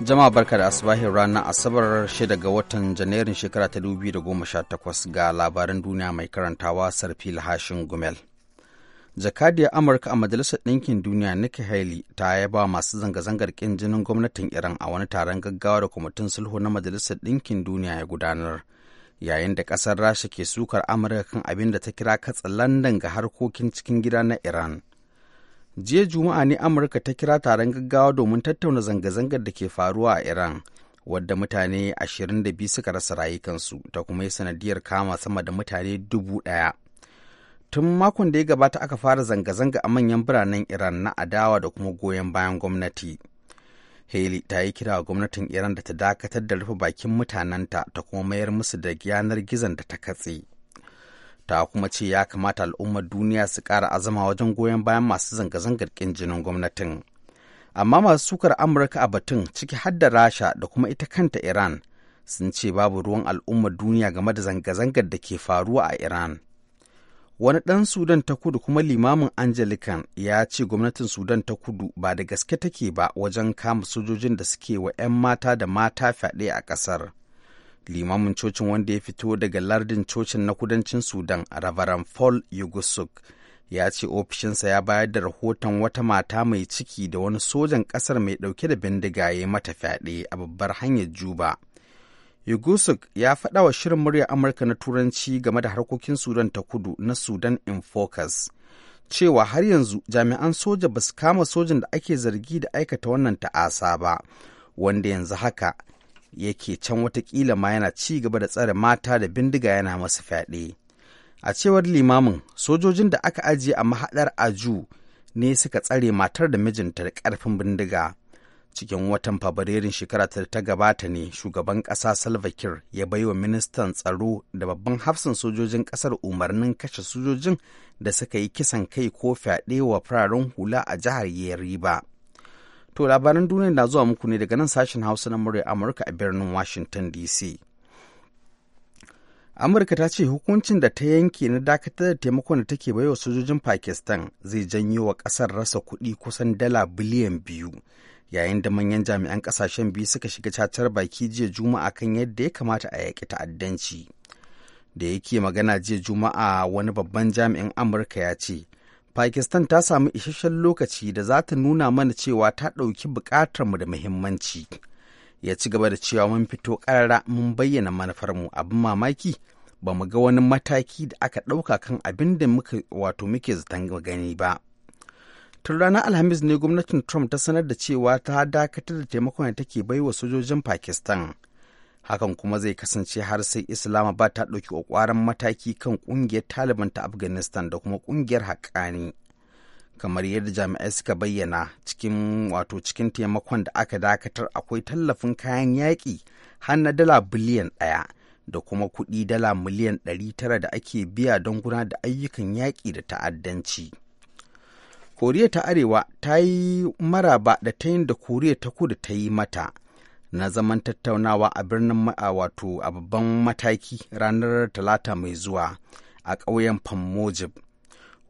Jama'a barka da asibahin ranar Asabar 6 ga watan Janairun shekara ta 2018 ga labaran duniya mai karantawa sarfi Hashin Gumel. Jakadiyar Amurka a Majalisar Ɗinkin Duniya Nikki Haley ta yaba masu zanga-zangar ƙin jinin gwamnatin Iran a wani taron gaggawa da kwamitin sulhu na Majalisar Ɗinkin Duniya ya gudanar. Yayin da ƙasar Rasha ke sukar Amurka kan abin da ta kira katsalandan ga harkokin cikin gida na Iran. jiya juma'a ne amurka ta kira taron gaggawa domin tattauna zanga-zangar da ke faruwa a iran wadda mutane 22 suka rasa rayukansu ta kuma yi sanadiyar kama sama da mutane dubu ɗaya. tun makon da ya gabata aka fara zanga-zanga a manyan biranen iran na adawa da kuma goyon bayan gwamnati haley ta yi kira gwamnatin iran da ta dakatar da rufe bakin mutanenta ta kuma mayar musu da yanar gizon da ta katse ta kuma ce ya kamata al'ummar duniya su ƙara azama wajen goyon bayan masu zanga-zangar ƙin jinin gwamnatin amma masu sukar amurka a batun ciki har da rasha da kuma ita kanta iran sun ce babu ruwan al'ummar duniya game da zanga-zangar da ke faruwa a iran wani ɗan sudan ta kudu kuma limamin angelican ya ce gwamnatin sudan ta kudu ba da gaske take ba wajen kama sojojin da suke wa 'yan mata da mata fyaɗe a ƙasar. limamin cocin wanda ya fito daga lardin cocin na kudancin sudan a rabaran paul yugusuk ya ce ofishinsa ya bayar da rahoton wata mata mai ciki da wani sojan kasar mai dauke da bindigaye mata fyaɗe a babbar hanyar juba yugusuk ya faɗa wa shirin murya amurka na turanci game da harkokin sudan ta kudu na sudan in focus cewa har yanzu jami'an soja ba su kama sojan da ake zargi da aikata wannan ta'asa ba wanda yanzu haka yake can watakila ma yana ci gaba da tsare mata da bindiga yana masu fyaɗe. A cewar limamin, sojojin da aka ajiye a mahaɗar Aju ne suka tsare matar da mijinta da ƙarfin bindiga. Cikin watan Fabrairun shekara ta ta gabata ne shugaban ƙasa Salva Kiir ya baiwa ministan tsaro da babban hafsan sojojin ƙasar umarnin kashe sojojin da suka yi kisan kai ko fyaɗe wa fararen hula a jihar Yeriba. riba. To labaran duniya na zuwa muku ne daga nan sashen Hausa na murya Amurka a birnin Washington DC. Amurka ta ce hukuncin da ta yanke na dakatar da taimakon da take baiwa sojojin Pakistan zai janyo wa ƙasar rasa kuɗi kusan dala biliyan biyu. Yayin da manyan jami'an ƙasashen biyu suka shiga cacar baki jiya Juma'a kan yadda ya kamata a yaƙi ta'addanci. Da yake magana jiya Juma'a wani babban jami'in Amurka ya ce, Pakistan ta samu isasshen lokaci da za ta nuna mana cewa ta ɗauki buƙatarmu da muhimmanci. Ya ci gaba da cewa mun fito ƙarara mun bayyana manufarmu abin mamaki ba mu ga wani mataki da aka ɗauka kan abin da muka wato muke zaton gani ba. Tun ranar Alhamis ne gwamnatin Trump ta sanar da cewa ta dakatar da taimakon da take baiwa sojojin Pakistan. hakan kuma zai kasance har sai islamabad ta ɗauki ƙwaƙwaran mataki kan ƙungiyar taliban ta afghanistan da kuma ƙungiyar haƙƙani kamar yadda jami'ai suka bayyana cikin wato cikin taimakon da aka dakatar akwai tallafin kayan yaƙi har na dala biliyan ɗaya da kuma kuɗi dala miliyan ɗari tara da ake biya don guna da ayyukan yaƙi da ta'addanci. koriya ta arewa ta yi maraba da ta yin da koriya ta kudu ta yi mata na zaman tattaunawa a birnin wato a babban mataki ranar talata mai zuwa a ƙauyen Famojib,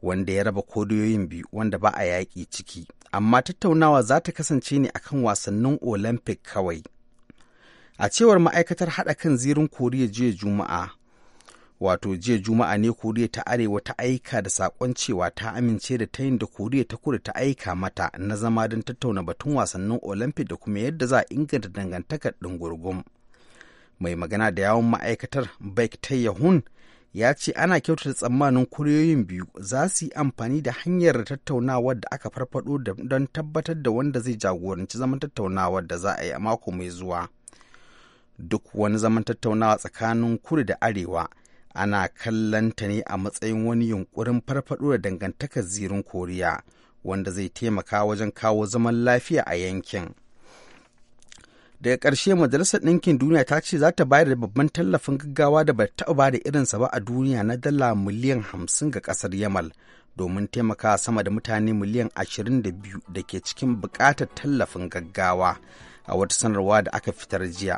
wanda ya raba kodiyoyin biyu wanda ba a yaƙi ciki amma tattaunawa za ta kasance ne akan wasannin olympic kawai a cewar ma'aikatar haɗa kan zirin koriya jiya juma'a wato jiya juma'a ne koriya ta arewa ta aika da sakon cewa ta amince da tayin da koriya ta kudu ta aika mata na zama don tattauna batun wasannin olympic da kuma yadda za a inganta dangantakar ɗungurgum mai magana da yawon ma'aikatar baik tayyahun ya ce ana kyautata tsammanin kuriyoyin biyu za su yi amfani da hanyar tattaunawar da aka farfado don tabbatar da wanda zai jagoranci zaman tattaunawar da za a yi a mako mai zuwa duk wani zaman tattaunawa tsakanin kudu da arewa ana kallon ta ne a matsayin wani yunkurin farfaɗo da dangantakar zirin koriya wanda zai taimaka wajen kawo zaman lafiya a yankin daga ƙarshe majalisar ɗinkin duniya ta ce za ta bayar da babban tallafin gaggawa da bata taɓa ba da irinsa ba a duniya na dala miliyan hamsin ga ƙasar yamal domin taimakawa sama da mutane miliyan ashirin da biyu da ke cikin buƙatar tallafin gaggawa a wata sanarwa da aka fitar jiya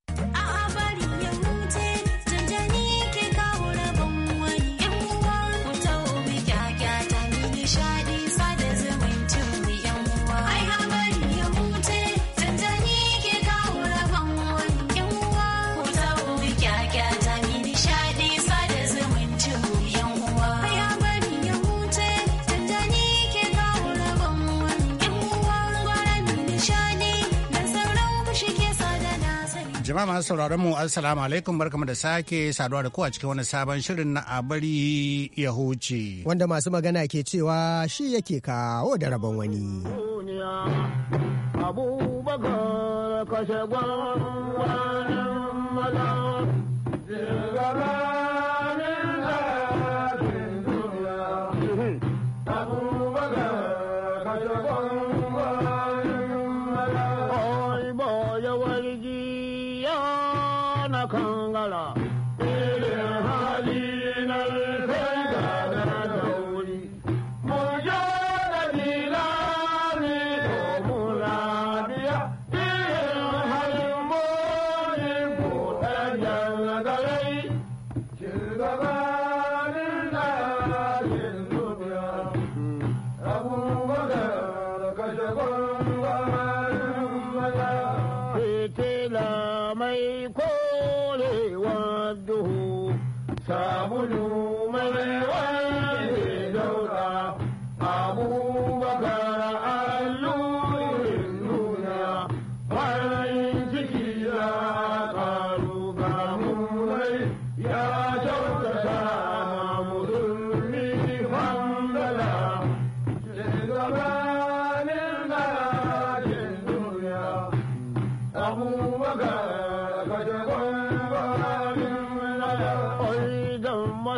jama'a masu sauraron mu assalamu alaikum barkamu da sake saduwa da ku a cikin wani sabon shirin na abari ya huce. Wanda masu magana ke cewa shi yake kawo da rabon wani. Abubakar kashe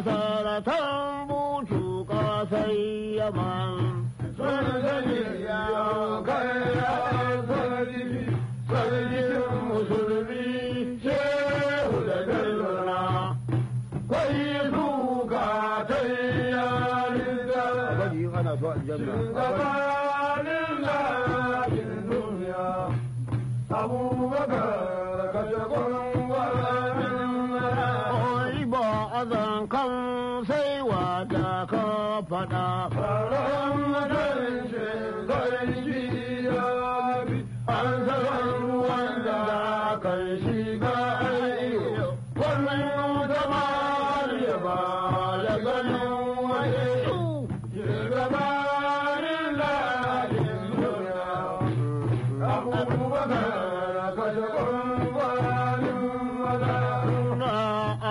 فساد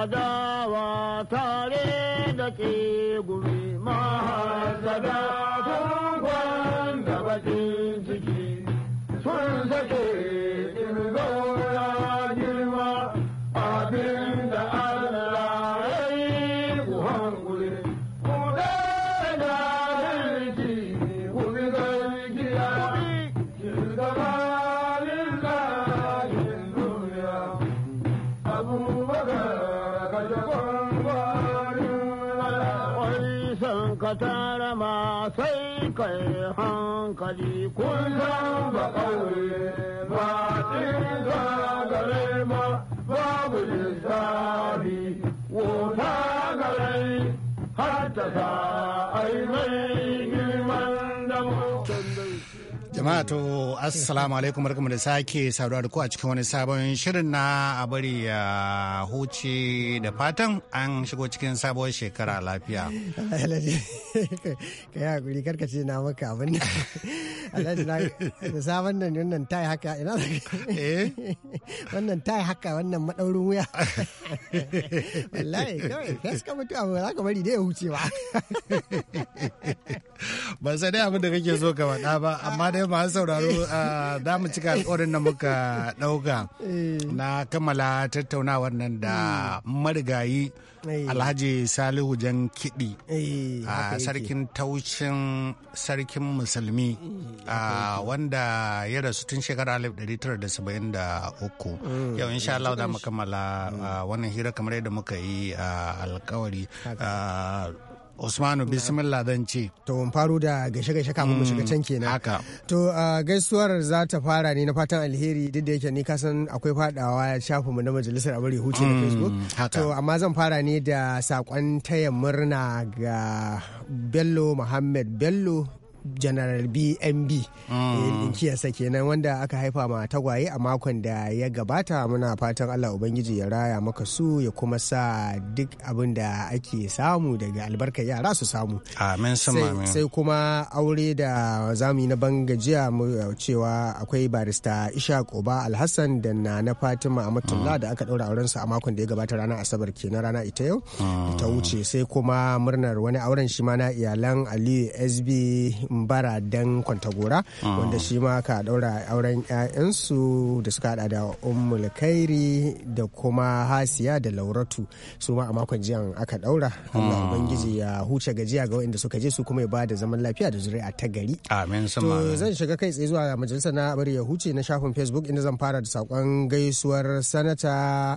adawa tare da ke jama'a to assalamu alaikum barkamu da sake saduwa da ku a cikin wani sabon shirin na a bari ya huce da fatan an shigo cikin sabon shekara lafiya ka yi hakuri karkace na maka abin alhaji da sa wannan wannan tai haka ina da eh wannan tai haka wannan madaurin wuya wallahi kai sai ka mutu abu za ka bari dai ya huce ba ba sai dai abin da kake so ka faɗa ba amma dai ba sauraro da ah, mu cika alƙawarin da muka dauka eh. na kammala tattaunawar nan da hmm. marigayi Eh. alhaji salihu jan kiɗi eh, ah, a sarkin taucin sarkin musulmi eh, ah, wanda ya rasu tun shekara 1973 mm. yau insha Allah da kammala mm. ah, wannan hira kamar yadda muka yi alkawari Usmanu bismillah zan ce. To mun faro da gaishe gaishe kafin mu shiga mm, can kenan. Haka. To gaisuwar za ta fara ne na fatan alheri duk da yake ni ka san akwai fadawa mu na majalisar abin huce na mm, Facebook. To amma zan fara ne da sakon taya murna ga Bello Muhammad Bello general bnb mm. eh, linkiyarsa kenan wanda aka haifa ma tagwaye a makon da ya gabata muna fatan allah ubangiji ya raya maka su ya kuma sa duk abin da ake samu daga albarkar yara su samu sai kuma aure da zamu na bangajiya cewa akwai barista isha oba alhassan da na na fatima amatullah mm. da aka daura aurensa a makon da ya gabata ranar asabar kenan rana ita yau mm. ta wuce sai kuma murnar wani auren shi ma na iyalan aliyu sb mbara dan kwantagora ah. wanda shi ma ka daura auren 'ya'yansu da suka hada da ummul kairi da kuma hasiya da lauratu su ma a makon jiya aka daura Allah ah. ubangiji ya huce gajiya ga waɗanda suka je su kuma ya ba da zaman lafiya da zuri'a ta gari amin to zan shiga kai tsaye zuwa majalisa na bari ya huce na shafin facebook inda zan fara da sakon gaisuwar sanata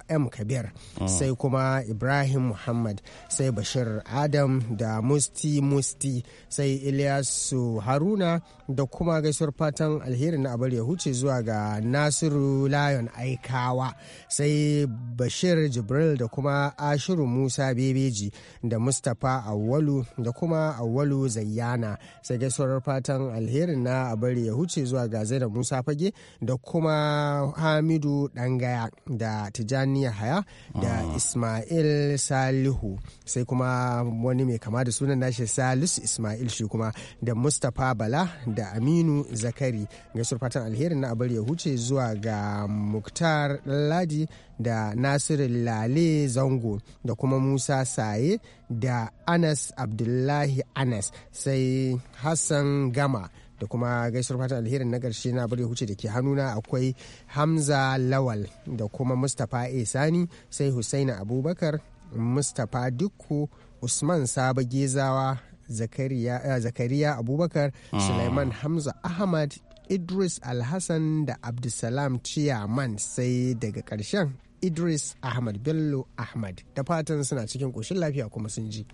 m kabir ah. sai kuma ibrahim muhammad sai bashir adam da musti musti sai ilyasu Haruna da kuma gaisuwar fatan alherin na abar ya huce zuwa ga Nasiru Lion, Aikawa sai Bashir Jibril da kuma Ashiru Musa Bebeji da Mustapha awalu da kuma awalu Zayyana sai gaisuwar fatan alherin na abar ya huce zuwa ga Zainab Musa Fage da kuma Hamidu Dangaya da Tijani Haya da ah. Ismail Salihu sai kuma wani mai kama da sunan nashi Salisu Ismail shi kuma da mustapha bala da aminu zakari gaisuwar fatan alherin na abar ya huce zuwa ga muktar ladi da nasiru lale zango da kuma musa saye da anas abdullahi anas sai hassan gama da kuma gaisuwar fatan alherin na ƙarshe na bari huce da ke hannuna akwai hamza lawal da kuma mustapha a sani sai hussaini abubakar mustapha dukku usman saba gezawa Uh, zakariya abubakar ah. suleiman hamza ahmad idris alhassan da abdulsalam ciyaman sai daga karshen idris ahmad bello ahmad da fatan suna cikin ƙoshin lafiya kuma sun ji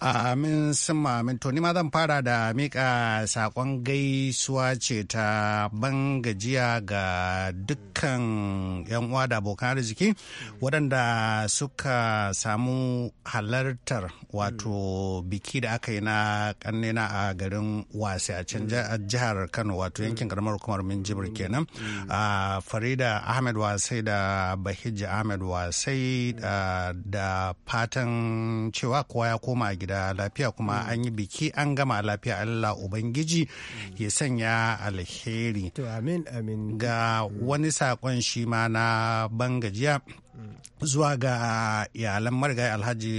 Amin summa amin to ni ma zan fara da mika sakon gaisuwa ce ta ban gajiya ga dukkan yan uwa da abokan arziki waɗanda suka samu halartar wato biki da aka yi na kannena a garin wasi a can jihar Kano wato yankin karamar hukumar Minjibir kenan. Farida Ahmed Wasai da Bahija Ahmed Wasai da fatan cewa kowa ya koma gida da lafiya kuma mm. an yi biki an gama lafiya Allah Ubangiji mm. ya sanya alheri. Ga wani saƙon shi ma na bangajiya zuwa ga iyalan marigayi alhaji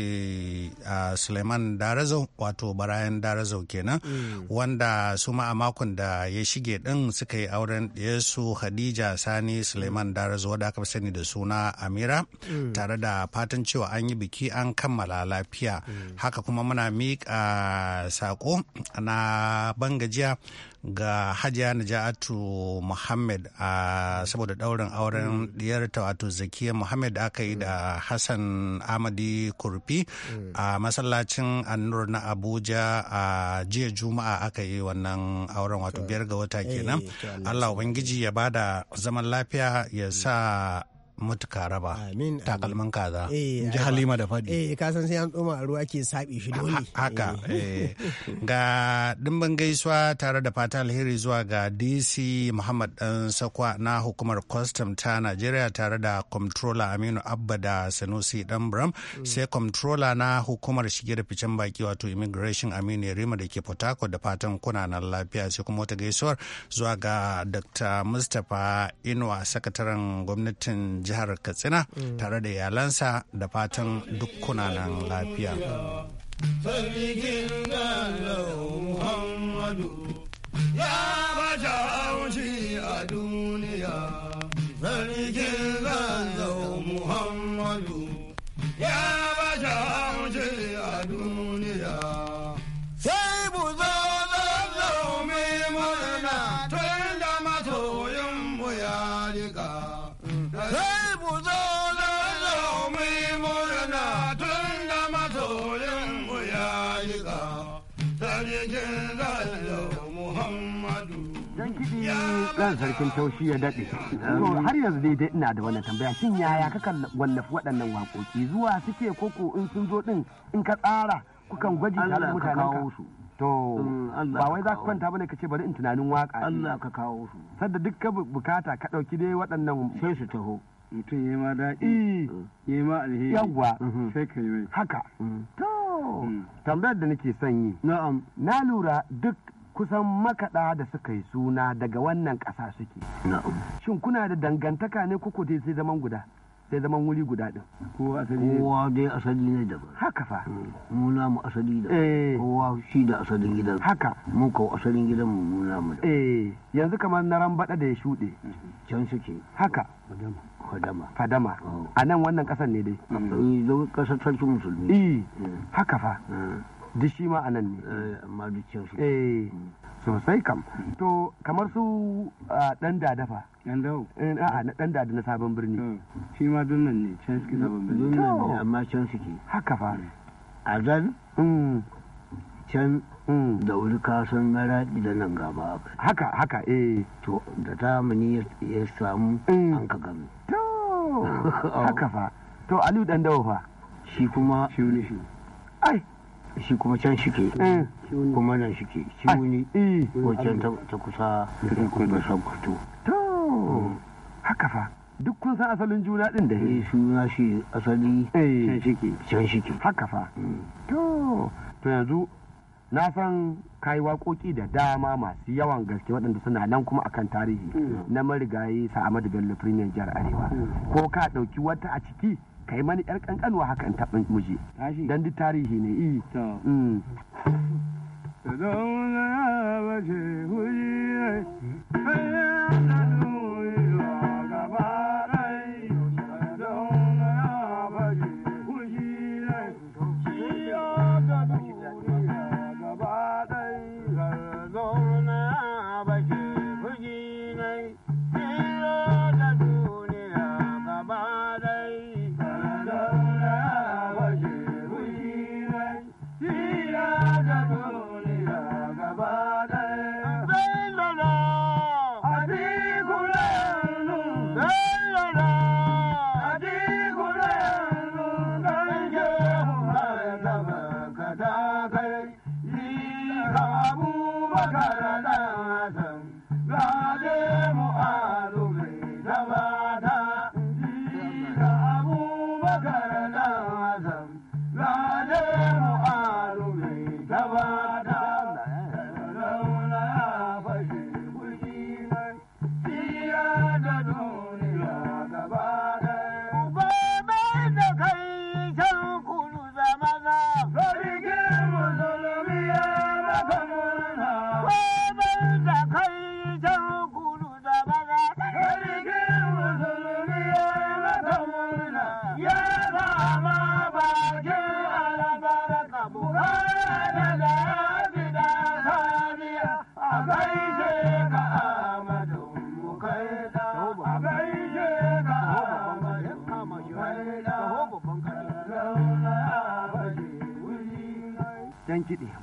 suleiman darazau wato barayan darazau kenan mm. wanda su ma a makon da ya shige din suka yi auren su Hadija sani suleiman darazau wadda aka sani da suna amira mm. tare da fatan cewa an yi biki an kammala lafiya mm. haka kuma muna miƙa sako na bangajiya ga hajiya najatu muhammad a saboda daurin auren diyarta wato zakiya muhammad da aka yi da hassan amadi kurfi a masallacin annur na abuja a jiya juma'a aka yi wannan auren wato biyar ga wata eh, kenan allah ubangiji ya bada zaman lafiya ya sa mutuka raba takalman kaza eh, in ji halima da fadi eh ka san sai an tsoma a ruwa ke saɓe shi dole haka eh. Eh. ga dimbin gaisuwa tare da fata alheri zuwa ga DC Muhammad dan Sakwa na hukumar custom ta Najeriya tare da controller Aminu Abba da Sanusi dan Bram sai controller na hukumar shige da ficen baki wato immigration Aminu Rima da ke Port Harcourt da fatan kuna nan lafiya sai kuma wata gaisuwar zuwa ga Dr. Mustafa Inuwa sakataren gwamnatin jihar katsina tare da yalansa da fatan dukkuna nan lafiya ya bata haushi a duniya sarkin zanzau muhammadu ya bata haushi a duniya ɗan sarkin taushi ya daɗe. har yanzu dai dai ina da wannan tambaya shin yaya kakan wallafi waɗannan waƙoƙi zuwa suke koko in sun zo ɗin in ka tsara kukan gwaji tare da mutanen ka. to mm, ba wai za ka kwanta bane ka ce bari in tunanin waka Allah ka kawo su sadda duk ka bukata ka dauki dai waɗannan sai su taho mutum yayi ma daɗi eh. yayi ma alheri yawwa mm-hmm. sai ka yi haka mm. to mm. tambayar da nake son yi na'am na lura duk kusan makaɗa da suka yi suna daga wannan ƙasa suke. Shin kuna da dangantaka ne kuku dai sai zaman guda? sai zaman wuri guda ɗin? Kowa asali dai asali ne daban. Haka fa. Mm. Mu asali da. Eh. Kowa shi da asalin gidan. Haka. Mu kawo asalin gidan mu mu da. Eh yanzu kamar na rambaɗa da ya shuɗe. Can suke. Haka. Fadama. Fadama. Oh. A nan wannan ƙasar ne dai. Mm. Ƙasar sarki musulmi. Eh mm. haka fa. duk shi ma anan ne eh, amma dukkan su eh sosai kam to kamar su dan dadafa dan dawo eh, a'a na dan dada na sabon birni shi ma dunnan ne can suke sabon birni dunnan ne amma can suke haka fa azan mm. can mm. da wuri kasan mara da nan gaba haka haka eh to da mani ya samu mm. an ka gami to haka fa to aliyu dan dawo fa shi kuma shi ne shi ai shi kuma can shi ke ah. kuma nan shi ke shi ah. wuni eh. wajen ta kusa da sabbato to haka fa duk kun san asalin juna din da shi eh, suna shi asali eh. can shi ke can shi ke haka fa mm. to to yanzu na san kayi waƙoƙi da dama masu yawan gaske waɗanda suna nan kuma akan tarihi mm. na marigayi sa'amadu bello premier jihar arewa mm. ko ka ɗauki wata a ciki kai mani yar kankanuwa haka in taɓin miji don duk tarihi ne iyi Tadawna ya bace huyi, hanyar Chicago.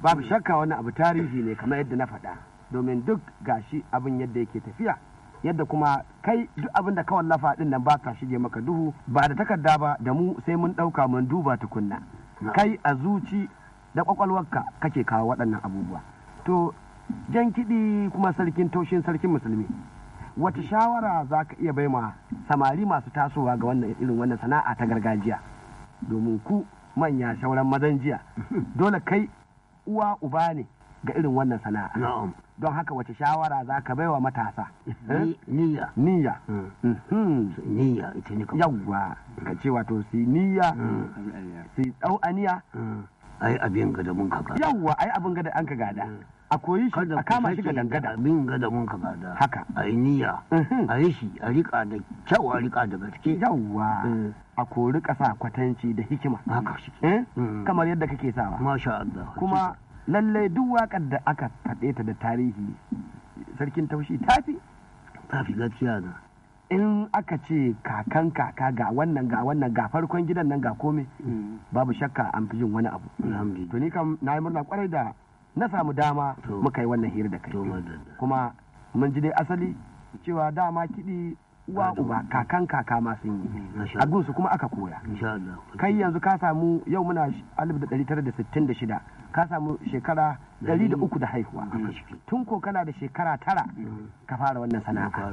babu shakka wani abu tarihi ne kamar yadda na faɗa domin duk gashi abin yadda yake tafiya yadda kuma kai duk abin da ka wallafa din nan ba shige maka duhu ba da takarda ba da mu sai mun ɗauka mun duba tukunna kai a zuci da kwakwalwarka kake kawo waɗannan abubuwa to jan kiɗi kuma sarkin taushin sarkin musulmi wata shawara za ka iya bai ma samari masu tasowa ga wannan irin wannan sana'a ta gargajiya domin ku manya shauran mazan jiya dole kai uwa uba ne ga irin wannan sana'a don haka wace shawara za ka baiwa matasa eh? niyya niyya hmm. mhm. niyya ita ne yawwa ka ce wato su niyya hmm. su tsau hmm. ai abin gada mun ka gada yawwa ai abin gada an ka gada a koyi shi a kama shi ga dangada bin gada mun kama da haka a yi niyya a yi shi a rika da kyau a rika da gaske yawwa eh. a kori ƙasa kwatanci da hikima haka shi eh? mm. kamar yadda kake sawa masha Allah kuma lallai duk waƙar da aka faɗe ta da tarihi sarkin taushi tafi tafi gaskiya na in aka ce kakan kaka ga wannan ga wannan ga farkon gidan nan ga komai mm. babu shakka an fi jin wani abu to ni kam na yi murna kwarai da na samu dama muka yi wannan hira da kai kuma mun ji dai asali cewa dama kiɗi uwa uba kakan kaka ma sun yi a gunsu kuma aka koya kai yanzu ka samu yau muna 1966 ka samu shekara 300 da haihuwa tun ko kana da shekara tara mm. ka fara wannan sana'a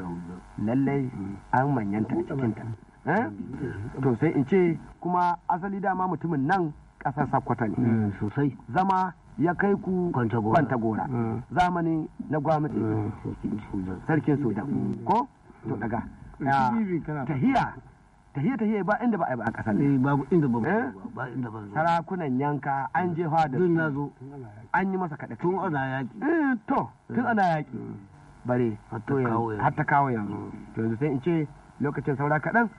lallai mm. an manyanta cikinta eh? to sai in ce kuma asali dama mutumin nan ƙasar sakkwato ne mm, sosai zama ya kai ku kwantagora mm. zamani na gwamnati mm. sarkin sudan mm. ko to daga tahiya tahiya tahiya ba inda ba a yi ba a kasar ne eh, babu inda ba eh? ba inda ba sarakunan yanka an je hawa da an yi masa kaɗa tun ana yaki eh, to tun ana yaki bare hatta ta kawo yanzu yanzu sai in ce lokacin saura kaɗan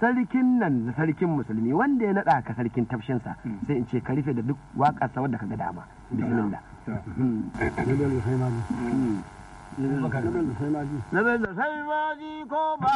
sarkin nan da sarkin musulmi wanda ya naɗa ka sarkin tafshinsa hmm. sai in ce ka rufe da duk wakar wadda ka ga dama hmm. bismillah hmm. Nabe da sai ko ba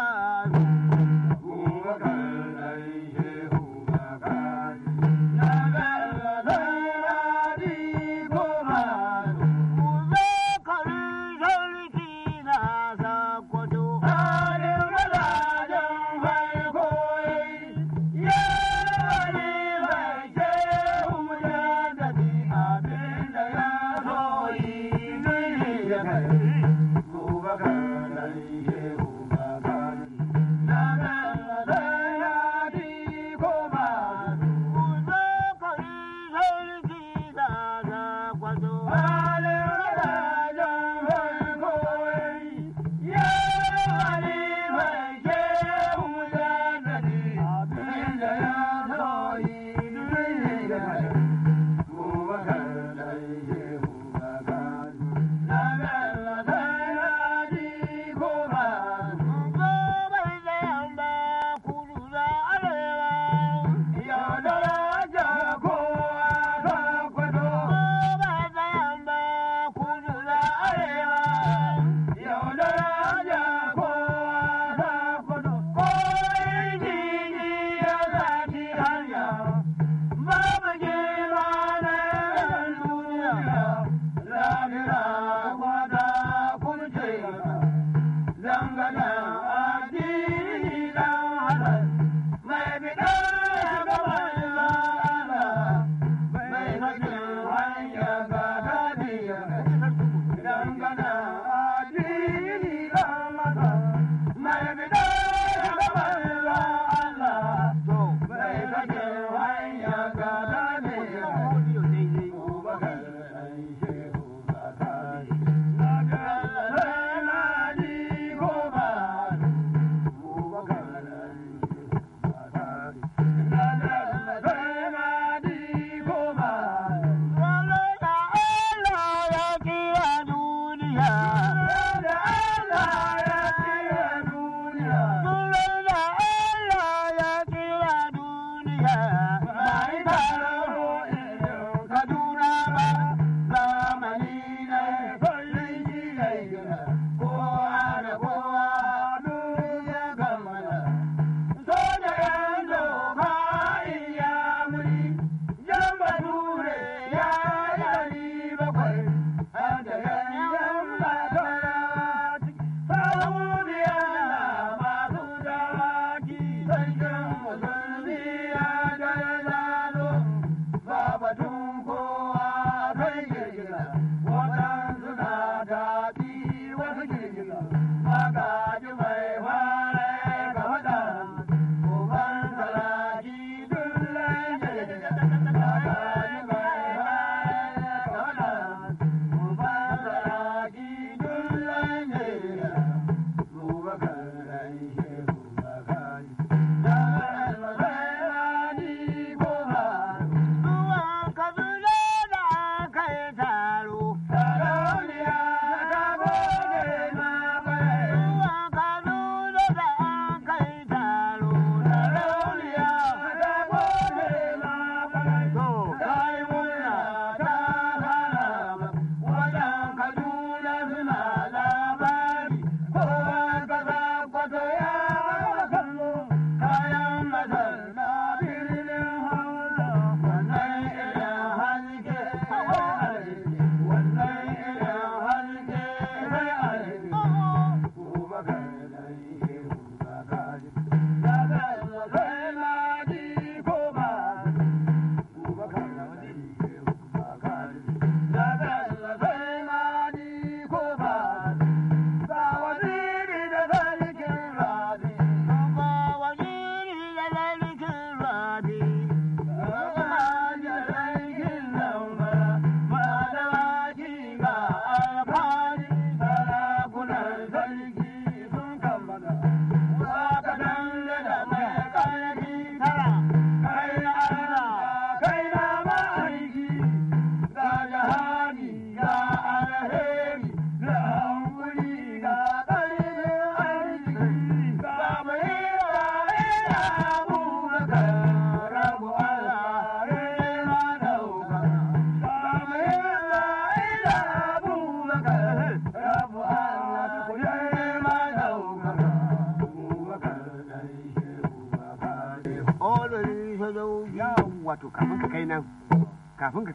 Maga.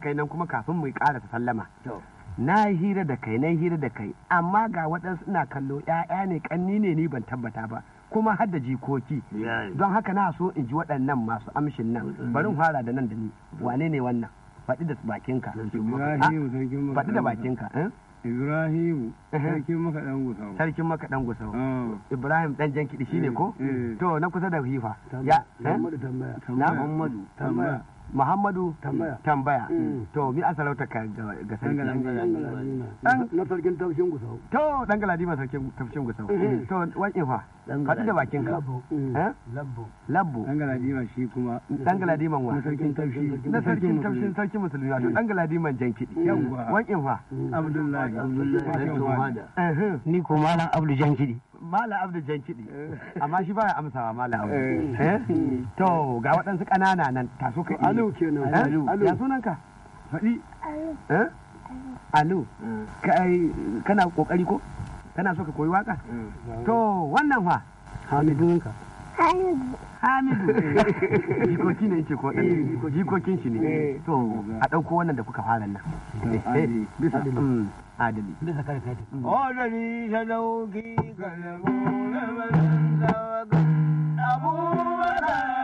kai nan kuma kafin mu ƙara ta sallama na hira da kai na yi hira da kai amma ga waɗansu ina kallo ‘ya'ya ne ƙanni ne ni ban tabbata ba kuma har da jikoki don haka na so in ji waɗannan masu amshin nan bari fara da nan da ni wane ne wannan faɗi da bakinka ah, faɗi da bakinka eh? Ibrahim eh, eh. sarkin makaɗan gusau. Sarkin makaɗan gusau. Ah. Ibrahim ɗan jan kiɗi shi ne ko? To na kusa da hifa. Ya Muhammadu tambaya. Na Muhammadu tambaya. Muhammadu tambaya mm. to mi a sarauta ka ga sarki na sarkin tafshin gusau to dan galadi ma sarkin tafshin gusau mm-hmm. to wani fa hadu da bakin ka labbo mm. eh? labbo dan galadi ma shi kuma dan galadi man wa sarkin tafshi na sarkin tafshin sarkin musulmi wato mm. dan galadi man jankidi wani fa abdullahi abdullahi eh, eh. ni ko malam abdu jankidi mala abdu jan kiɗi eh. amma shi baya amsawa mala abdu eh. eh? to ga waɗansu ƙanana nan taso ka alu kenan alu ya sunan ka faɗi alu kai kana kokari ko kana so ka koyi waka to wannan fa ka. Hamidu. Jikoki ne yake ko eh, jikokin shi ne. Eh. To a ɗauko wannan da kuka fara nan. Eh, Bisa. Hmm, adali. Bisa kare kare. Odali hmm. ta dauki kalmo na mazan da abubuwa